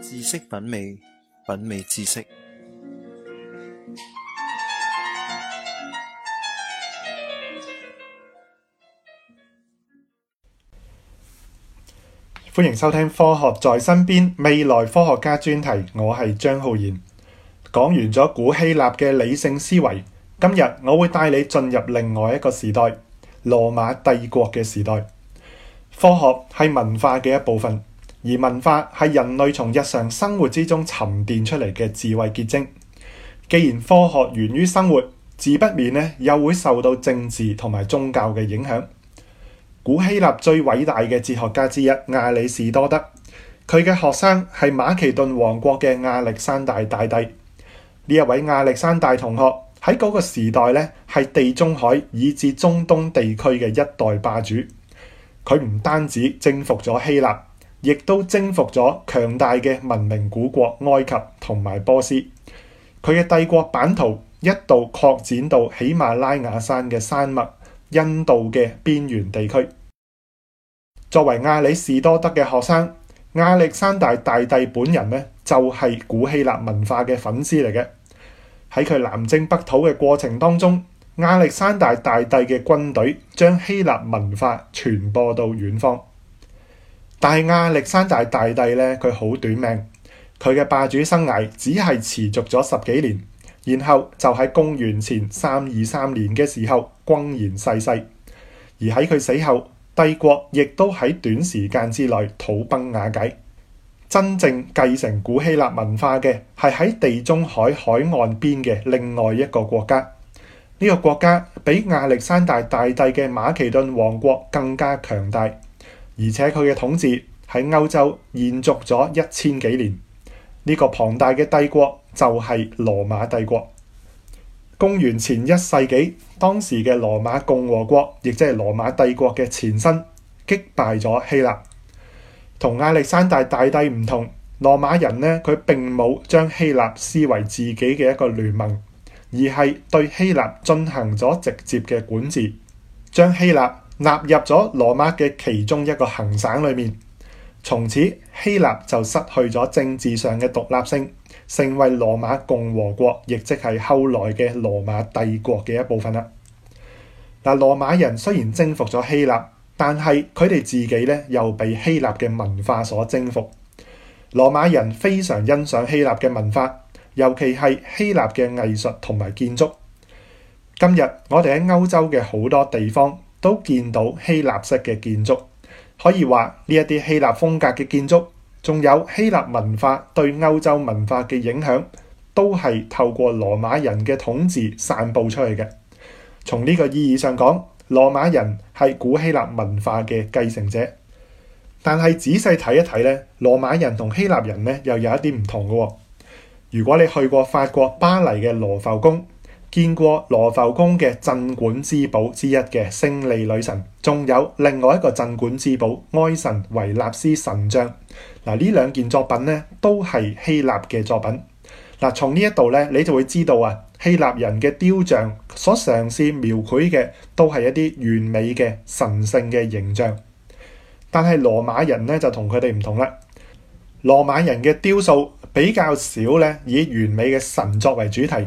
知識品味，品味知識。歡迎收聽《科學在身邊》未來科學家專題。我係張浩然。講完咗古希臘嘅理性思維，今日我會帶你進入另外一個時代——羅馬帝國嘅時代。科學係文化嘅一部分。而文化係人類從日常生活之中沉澱出嚟嘅智慧結晶。既然科學源於生活，自不免呢又會受到政治同埋宗教嘅影響。古希臘最偉大嘅哲學家之一，亞里士多德，佢嘅學生係馬其頓王國嘅亞歷山大大帝。呢一位亞歷山大同學喺嗰個時代呢，係地中海以至中東地區嘅一代霸主。佢唔單止征服咗希臘。亦都征服咗強大嘅文明古國埃及同埋波斯，佢嘅帝國版圖一度擴展到喜馬拉雅山嘅山脈、印度嘅邊緣地區。作為亞里士多德嘅學生，亞歷山大大帝本人呢，就係古希臘文化嘅粉絲嚟嘅。喺佢南征北討嘅過程當中，亞歷山大大帝嘅軍隊將希臘文化傳播到遠方。但係亞歷山大大帝咧，佢好短命，佢嘅霸主生涯只係持續咗十幾年，然後就喺公元前三二三年嘅時候，轟然逝世。而喺佢死後，帝國亦都喺短時間之內土崩瓦解。真正繼承古希臘文化嘅，係喺地中海海岸邊嘅另外一個國家。呢個國家比亞歷山大大帝嘅馬其頓王國更加強大。而且佢嘅統治喺歐洲延續咗一千幾年，呢個龐大嘅帝國就係羅馬帝國。公元前一世紀，當時嘅羅馬共和國，亦即係羅馬帝國嘅前身，擊敗咗希臘。同亞歷山大大帝唔同，羅馬人呢，佢並冇將希臘視為自己嘅一個聯盟，而係對希臘進行咗直接嘅管治，將希臘納入咗羅馬嘅其中一個行省裏面，從此希臘就失去咗政治上嘅獨立性，成為羅馬共和國，亦即係後來嘅羅馬帝國嘅一部分啦。嗱，羅馬人雖然征服咗希臘，但係佢哋自己呢又被希臘嘅文化所征服。羅馬人非常欣賞希臘嘅文化，尤其係希臘嘅藝術同埋建築。今日我哋喺歐洲嘅好多地方。都見到希臘式嘅建築，可以話呢一啲希臘風格嘅建築，仲有希臘文化對歐洲文化嘅影響，都係透過羅馬人嘅統治散佈出去嘅。從呢個意義上講，羅馬人係古希臘文化嘅繼承者。但係仔細睇一睇咧，羅馬人同希臘人咧又有一啲唔同嘅。如果你去過法國巴黎嘅羅浮宮，見過羅浮宮嘅鎮館之寶之一嘅勝利女神，仲有另外一個鎮館之寶愛神維納斯神像。嗱，呢兩件作品咧都係希臘嘅作品。嗱，從呢一度咧你就會知道啊，希臘人嘅雕像所嘗試描繪嘅都係一啲完美嘅神性嘅形象。但係羅馬人咧就同佢哋唔同啦。羅馬人嘅雕塑比較少咧以完美嘅神作為主題。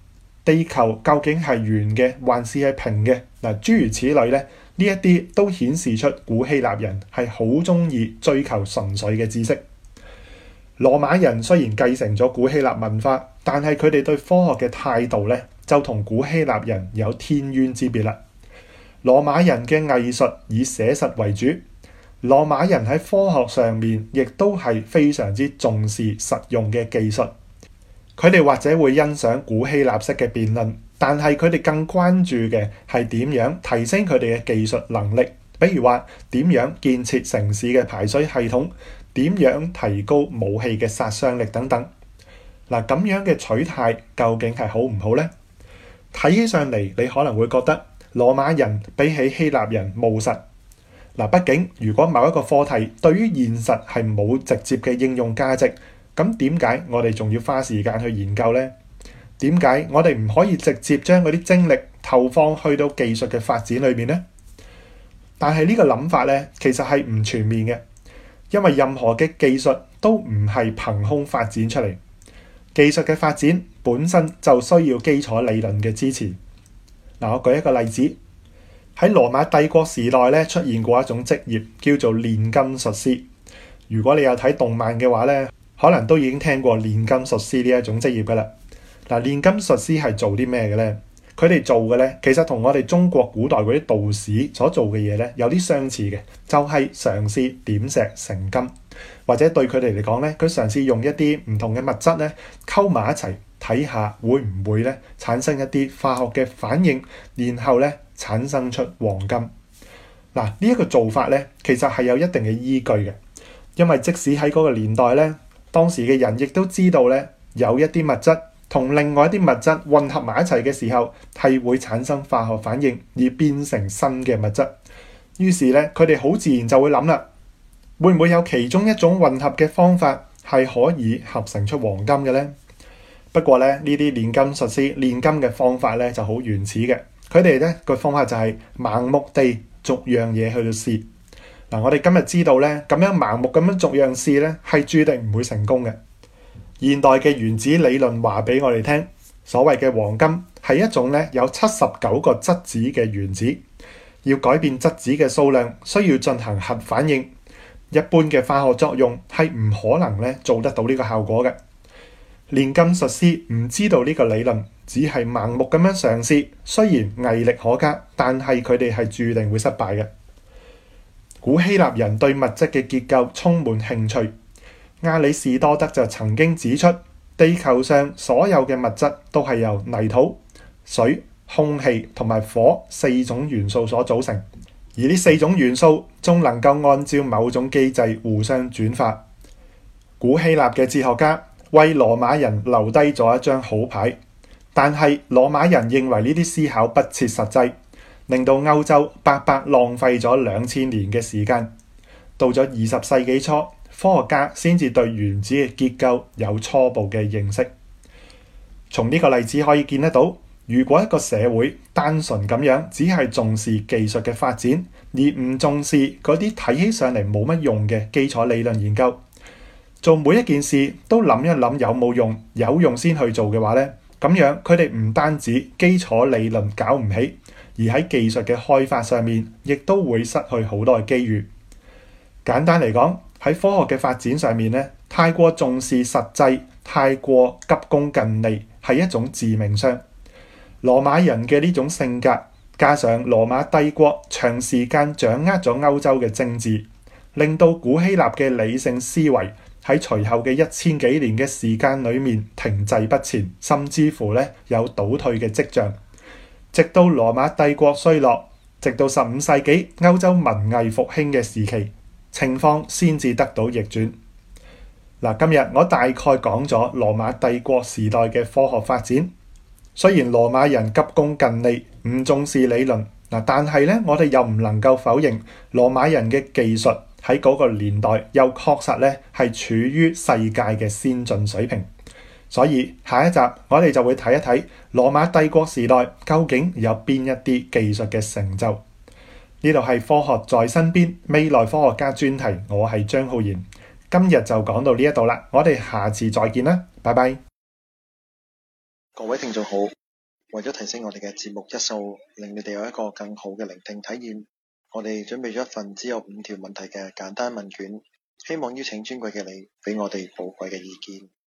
地球究竟係圓嘅還是係平嘅？嗱，諸如此類咧，呢一啲都顯示出古希臘人係好中意追求純粹嘅知識。羅馬人雖然繼承咗古希臘文化，但係佢哋對科學嘅態度咧，就同古希臘人有天淵之別啦。羅馬人嘅藝術以寫實為主，羅馬人喺科學上面亦都係非常之重視實用嘅技術。佢哋或者會欣賞古希臘式嘅辯論，但係佢哋更關注嘅係點樣提升佢哋嘅技術能力，比如話點樣建設城市嘅排水系統，點樣提高武器嘅殺傷力等等。嗱、啊，咁樣嘅取態究竟係好唔好呢？睇起上嚟，你可能會覺得羅馬人比起希臘人務實。嗱、啊，畢竟如果某一個課題對於現實係冇直接嘅應用價值。咁點解我哋仲要花時間去研究呢？點解我哋唔可以直接將嗰啲精力投放去到技術嘅發展裏面呢？但係呢個諗法呢，其實係唔全面嘅，因為任何嘅技術都唔係憑空發展出嚟。技術嘅發展本身就需要基礎理論嘅支持。嗱，我舉一個例子，喺羅馬帝國時代咧出現過一種職業，叫做煉金術師。如果你有睇動漫嘅話呢。可能都已經聽過煉金術師呢一種職業嘅啦。嗱，煉金術師係做啲咩嘅咧？佢哋做嘅咧，其實同我哋中國古代嗰啲道士所做嘅嘢咧有啲相似嘅，就係嘗試點石成金，或者對佢哋嚟講咧，佢嘗試用一啲唔同嘅物質咧溝埋一齊睇下會唔會咧產生一啲化學嘅反應，然後咧產生出黃金。嗱，呢一個做法咧，其實係有一定嘅依據嘅，因為即使喺嗰個年代咧。當時嘅人亦都知道咧，有一啲物質同另外一啲物質混合埋一齊嘅時候，係會產生化學反應而變成新嘅物質。於是咧，佢哋好自然就會諗啦，會唔會有其中一種混合嘅方法係可以合成出黃金嘅呢？不過咧，呢啲煉金術師煉金嘅方法咧就好原始嘅，佢哋咧個方法就係盲目地逐樣嘢去試。嗱，我哋今日知道咧，咁樣盲目咁樣逐樣試咧，係注定唔會成功嘅。現代嘅原子理論話俾我哋聽，所謂嘅黃金係一種咧有七十九個質子嘅原子，要改變質子嘅數量，需要進行核反應。一般嘅化學作用係唔可能咧做得到呢個效果嘅。煉金術師唔知道呢個理論，只係盲目咁樣嘗試，雖然毅力可嘉，但係佢哋係注定會失敗嘅。古希臘人對物質嘅結構充滿興趣，亞里士多德就曾經指出，地球上所有嘅物質都係由泥土、水、空氣同埋火四種元素所組成，而呢四種元素仲能夠按照某種機制互相轉化。古希臘嘅哲學家為羅馬人留低咗一張好牌，但係羅馬人認為呢啲思考不切實際。令到歐洲白白浪費咗兩千年嘅時間，到咗二十世紀初，科學家先至對原子嘅結構有初步嘅認識。從呢個例子可以見得到，如果一個社會單純咁樣只係重視技術嘅發展，而唔重視嗰啲睇起上嚟冇乜用嘅基礎理論研究，做每一件事都諗一諗有冇用，有用先去做嘅話呢，咁樣佢哋唔單止基礎理論搞唔起。而喺技術嘅開發上面，亦都會失去好多嘅機遇。簡單嚟講，喺科學嘅發展上面咧，太過重視實際，太過急功近利，係一種致命傷。羅馬人嘅呢種性格，加上羅馬帝國長時間掌握咗歐洲嘅政治，令到古希臘嘅理性思維喺隨後嘅一千幾年嘅時間裏面停滯不前，甚至乎咧有倒退嘅跡象。直到羅馬帝國衰落，直到十五世紀歐洲文藝復興嘅時期，情況先至得到逆轉。嗱，今日我大概講咗羅馬帝國時代嘅科學發展。雖然羅馬人急功近利，唔重視理論，嗱，但係咧，我哋又唔能夠否認羅馬人嘅技術喺嗰個年代又確實咧係處於世界嘅先進水平。所以下一集我哋就會睇一睇羅馬帝國時代究竟有邊一啲技術嘅成就。呢度係科學在身邊，未來科學家專題，我係張浩然。今日就講到呢一度啦，我哋下次再見啦，拜拜。各位聽眾好，為咗提升我哋嘅節目質素，令你哋有一個更好嘅聆聽體驗，我哋準備咗一份只有五條問題嘅簡單問卷，希望邀請尊貴嘅你俾我哋寶貴嘅意見。